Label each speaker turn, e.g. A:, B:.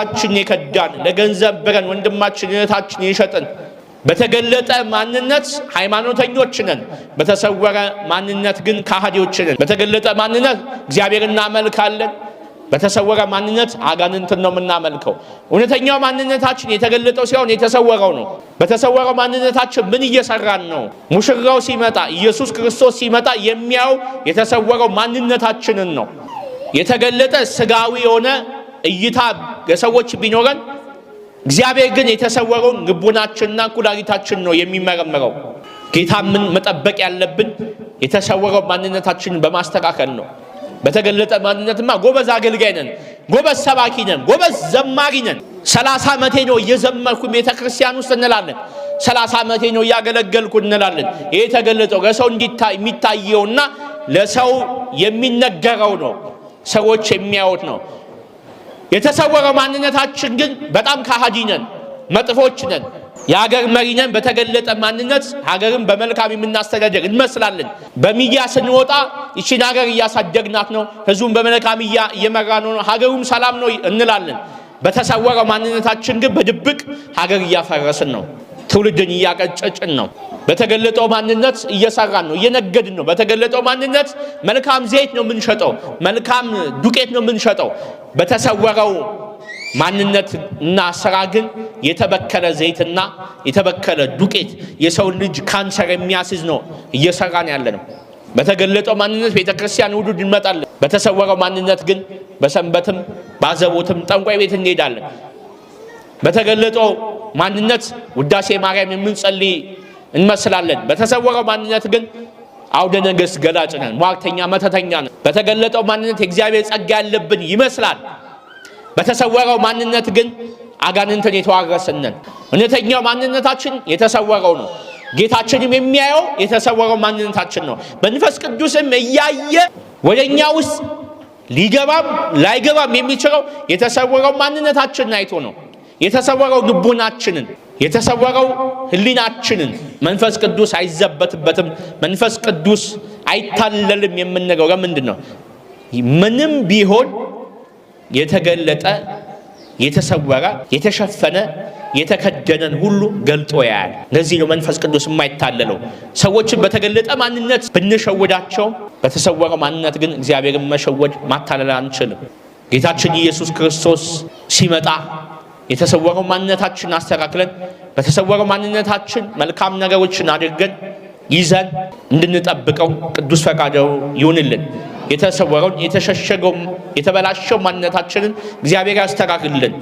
A: ወንድማችን የከዳን ለገንዘብ ብረን ወንድማችን እህታችን የሸጥን በተገለጠ ማንነት ሃይማኖተኞች ነን፣ በተሰወረ ማንነት ግን ካሃዲዎች ነን። በተገለጠ ማንነት እግዚአብሔር እናመልካለን፣ በተሰወረ ማንነት አጋንንትን ነው የምናመልከው። እውነተኛው ማንነታችን የተገለጠው ሲሆን የተሰወረው ነው። በተሰወረው ማንነታችን ምን እየሰራን ነው? ሙሽራው ሲመጣ ኢየሱስ ክርስቶስ ሲመጣ የሚያው የተሰወረው ማንነታችንን ነው። የተገለጠ ስጋዊ የሆነ እይታ የሰዎች ቢኖረን እግዚአብሔር ግን የተሰወረውን ልቡናችንና ኩላሊታችን ነው የሚመረምረው። ጌታ ምን መጠበቅ ያለብን የተሰወረው ማንነታችንን በማስተካከል ነው። በተገለጠ ማንነትማ ጎበዝ አገልጋይ ነን፣ ጎበዝ ሰባኪ ነን፣ ጎበዝ ዘማሪ ነን። ሰላሳ ዓመቴ ነው እየዘመርኩ ቤተ ክርስቲያን ውስጥ እንላለን። ሰላሳ ዓመቴ ነው እያገለገልኩ እንላለን። ይህ የተገለጠው ለሰው የሚታየውና ለሰው የሚነገረው ነው፣ ሰዎች የሚያዩት ነው። የተሰወረው ማንነታችን ግን በጣም ከሃዲ ነን፣ መጥፎች ነን። የሀገር መሪ ነን። በተገለጠ ማንነት ሀገርን በመልካም የምናስተዳደር እንመስላለን። በሚዲያ ስንወጣ ይቺን ሀገር እያሳደግናት ነው፣ ህዝቡን በመልካም እየመራ ነው፣ ሀገሩም ሰላም ነው እንላለን። በተሰወረው ማንነታችን ግን በድብቅ ሀገር እያፈረስን ነው። ትውልድን እያቀጨጭን ነው። በተገለጠው ማንነት እየሰራን ነው፣ እየነገድን ነው። በተገለጠው ማንነት መልካም ዘይት ነው የምንሸጠው፣ መልካም ዱቄት ነው የምንሸጠው። በተሰወረው ማንነት እና ስራ ግን የተበከለ ዘይትና የተበከለ ዱቄት የሰው ልጅ ካንሰር የሚያስዝ ነው እየሰራን ያለ ነው። በተገለጠው ማንነት ቤተክርስቲያን ውዱድ እንመጣለን። በተሰወረው ማንነት ግን በሰንበትም ባዘቦትም ጠንቋይ ቤት እንሄዳለን። በተገለጠው ማንነት ውዳሴ ማርያም የምንጸልይ እንመስላለን። በተሰወረው ማንነት ግን አውደ ነገሥት ገላጭ ነን፣ ሟርተኛ መተተኛ ነን። በተገለጠው ማንነት የእግዚአብሔር ጸጋ ያለብን ይመስላል። በተሰወረው ማንነት ግን አጋንንትን የተዋረስን ነን። እውነተኛው ማንነታችን የተሰወረው ነው። ጌታችንም የሚያየው የተሰወረው ማንነታችን ነው። መንፈስ ቅዱስም እያየ ወደ እኛ ውስጥ ሊገባም ላይገባም የሚችለው የተሰወረው ማንነታችን አይቶ ነው። የተሰወረው ልቡናችንን የተሰወረው ህሊናችንን መንፈስ ቅዱስ አይዘበትበትም፣ መንፈስ ቅዱስ አይታለልም የምንለው ለምንድን ነው? ምንም ቢሆን የተገለጠ የተሰወረ የተሸፈነ የተከደነን ሁሉ ገልጦ ያያል። ለዚህ ነው መንፈስ ቅዱስ የማይታለለው። ሰዎችን በተገለጠ ማንነት ብንሸውዳቸውም በተሰወረ ማንነት ግን እግዚአብሔርን መሸወድ ማታለል አንችልም። ጌታችን ኢየሱስ ክርስቶስ ሲመጣ የተሰወረው ማንነታችን አስተካክለን በተሰወረው ማንነታችን መልካም ነገሮችን አድርገን ይዘን እንድንጠብቀው ቅዱስ ፈቃደው ይሁንልን። የተሰወረውን የተሸሸገው የተበላሸው ማንነታችንን እግዚአብሔር ያስተካክልልን።